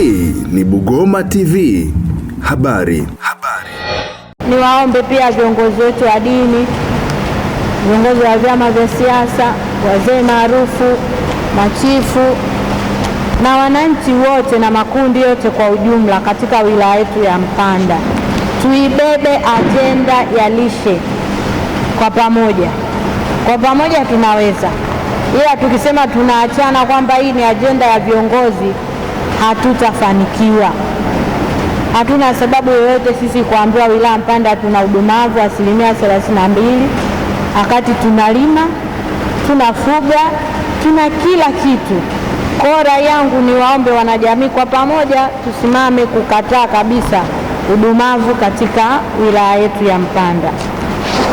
Hii ni Bugoma TV. Habari. Habari. Niwaombe pia viongozi wetu wa dini, viongozi wa vyama vya siasa, wazee maarufu, machifu na wananchi wote na makundi yote kwa ujumla katika wilaya yetu ya Mpanda, tuibebe ajenda ya lishe kwa pamoja. Kwa pamoja tunaweza, ila tukisema tunaachana kwamba hii ni ajenda ya viongozi hatutafanikiwa. Hatuna sababu yoyote sisi kuambiwa wilaya Mpanda tuna udumavu asilimia thelathini na mbili wakati tunalima, tunafuga, tuna kila kitu. kora yangu ni waombe wanajamii kwa pamoja tusimame kukataa kabisa udumavu katika wilaya yetu ya Mpanda.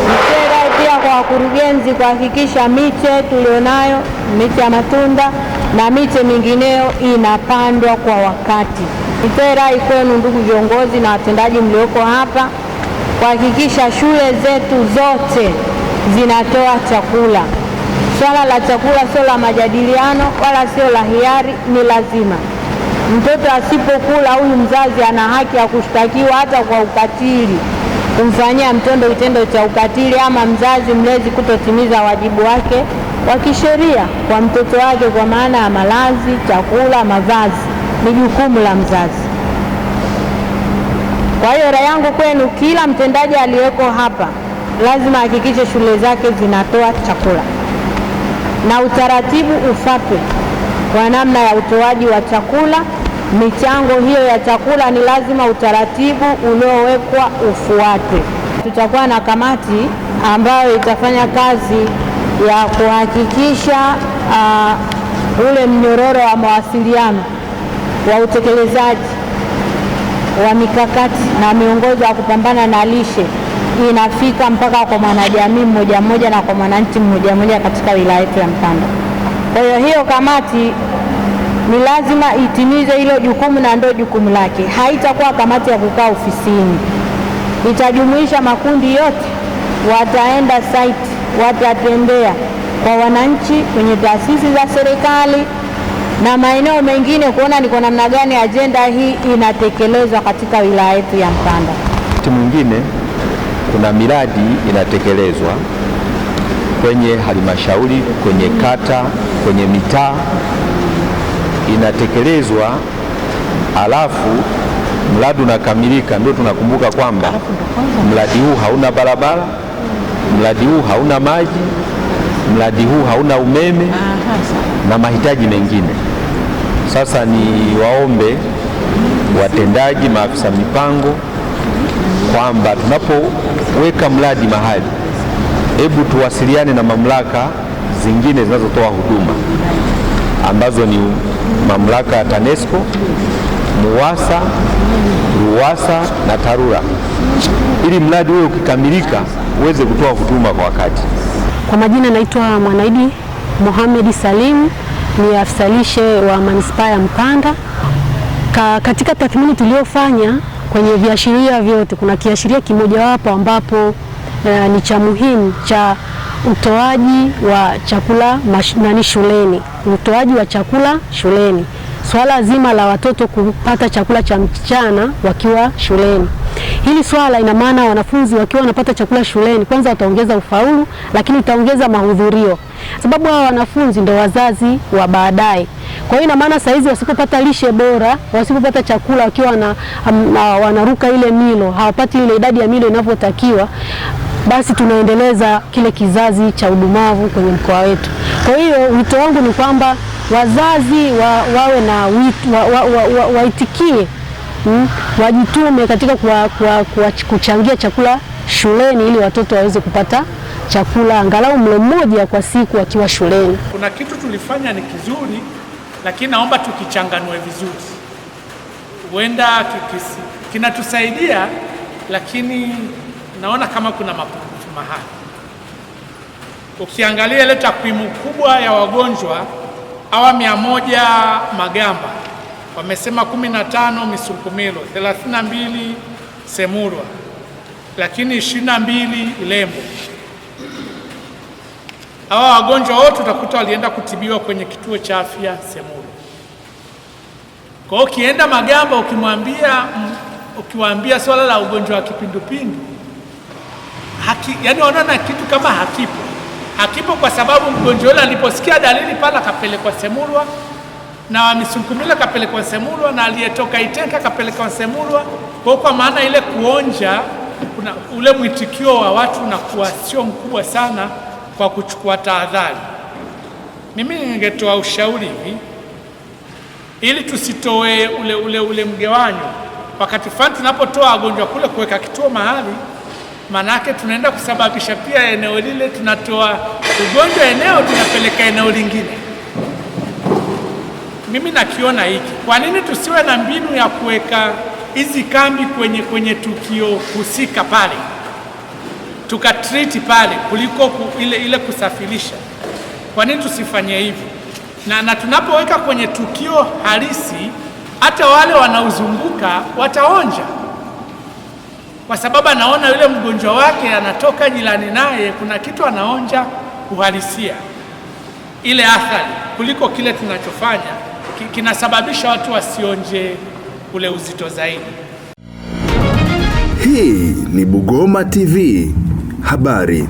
Nitoe pia kwa wakurugenzi kuhakikisha miche tulionayo, miche ya matunda na miche mingineyo inapandwa kwa wakati. Nitoe rai kwenu, ndugu viongozi na watendaji mlioko hapa, kuhakikisha shule zetu zote zinatoa chakula. Swala la chakula sio la majadiliano wala sio la hiari, ni lazima. Mtoto asipokula, huyu mzazi ana haki ya kushtakiwa hata kwa ukatili, kumfanyia mtoto kitendo cha ukatili, ama mzazi mlezi kutotimiza wajibu wake wa kisheria kwa mtoto wake, kwa maana ya malazi, chakula, mavazi, ni jukumu la mzazi. Kwa hiyo rai yangu kwenu, kila mtendaji aliyeko hapa lazima ahakikishe shule zake zinatoa chakula na utaratibu ufuatwe kwa namna ya utoaji wa chakula. Michango hiyo ya chakula ni lazima utaratibu uliowekwa ufuatwe. Tutakuwa na kamati ambayo itafanya kazi ya kuhakikisha uh, ule mnyororo wa mawasiliano wa utekelezaji wa mikakati na miongozo ya kupambana na lishe inafika mpaka kwa mwanajamii mmoja mmoja na kwa mwananchi mmoja mmoja katika wilaya yetu ya Mpanda. Kwa hiyo hiyo kamati ni lazima itimize hilo jukumu na ndio jukumu lake. Haitakuwa kamati ya kukaa ofisini, itajumuisha makundi yote, wataenda site watatembea kwa wananchi, kwenye taasisi za serikali na maeneo mengine, kuona ni kwa namna gani ajenda hii inatekelezwa katika wilaya yetu ya Mpanda. Wakati mwingine kuna miradi inatekelezwa kwenye halmashauri, kwenye kata, kwenye mitaa inatekelezwa, alafu mradi unakamilika, ndio tunakumbuka kwamba mradi huu hauna barabara mradi huu hauna maji, mradi huu hauna umeme na mahitaji mengine. Sasa ni waombe watendaji, maafisa mipango kwamba tunapoweka mradi mahali, hebu tuwasiliane na mamlaka zingine zinazotoa huduma ambazo ni mamlaka ya TANESCO MUWASA, RUWASA na TARURA ili mradi huo ukikamilika uweze kutoa huduma kwa wakati. Kwa majina naitwa Mwanaidi Mohamed Salim, ni afisa lishe wa manispaa ya Mpanda. Ka, katika tathmini tuliyofanya kwenye viashiria vyote kuna kiashiria kimojawapo ambapo uh, ni cha muhimu cha utoaji wa chakula mash, nani shuleni, utoaji wa chakula shuleni swala zima la watoto kupata chakula cha mchana wakiwa shuleni. Hili swala ina maana wanafunzi wakiwa wanapata chakula shuleni, kwanza wataongeza ufaulu, lakini utaongeza mahudhurio, sababu hawa wanafunzi ndio wazazi wa baadaye. Kwa hiyo ina maana saa hizi wasipopata lishe bora, wasipopata chakula wakiwa wana, wanaruka ile milo, hawapati ile idadi ya milo inavyotakiwa, basi tunaendeleza kile kizazi cha udumavu kwenye mkoa wetu. Kwa hiyo wito wangu ni kwamba wazazi wa, wawe na waitikie wa, wa, wa, hmm, wajitume katika kwa, kwa, kwa kuchangia chakula shuleni ili watoto waweze kupata chakula angalau mlo mmoja kwa siku akiwa shuleni. Kuna kitu tulifanya ni kizuri, lakini naomba tukichanganue vizuri, huenda kinatusaidia, lakini naona kama kuna mapungufu mahali. Ukiangalia ile takwimu kubwa ya wagonjwa hawa mia moja Magamba wamesema kumi na tano Misukumilo, thelathini na mbili Semurwa, lakini ishirini na mbili Ilembo. Hawa wagonjwa wote utakuta walienda kutibiwa kwenye kituo cha afya Semurwa. Kwa hiyo ukienda Magamba ukimwambia ukiwaambia swala la ugonjwa wa kipindupindu haki, yani wanaona kitu kama hakipo hakipo, kwa sababu mgonjwa yule aliposikia dalili pale akapelekwa Semulwa na Wamisukumila kapelekwa Semulwa na aliyetoka itenka kapelekwa Semulwa. Kwa kwa maana ile kuonja kuna, ule mwitikio wa watu unakuwa sio mkubwa sana kwa kuchukua tahadhari. Mimi ningetoa ushauri hivi ili tusitoe ule, ule, ule mgewanyo wakati fulani tunapotoa wagonjwa kule kuweka kituo mahali manake tunaenda kusababisha pia eneo lile, tunatoa ugonjwa eneo, tunapeleka eneo lingine. Mimi nakiona hiki, kwa nini tusiwe na mbinu ya kuweka hizi kambi kwenye kwenye tukio husika pale tukatriti pale kuliko ku, ile, ile kusafirisha. Kwa nini tusifanye hivyo? Na, na tunapoweka kwenye tukio halisi hata wale wanaozunguka wataonja kwa sababu anaona yule mgonjwa wake anatoka jirani naye, kuna kitu anaonja uhalisia ile athari, kuliko kile tunachofanya kinasababisha watu wasionje ule uzito zaidi. Hii ni Bugoma TV habari.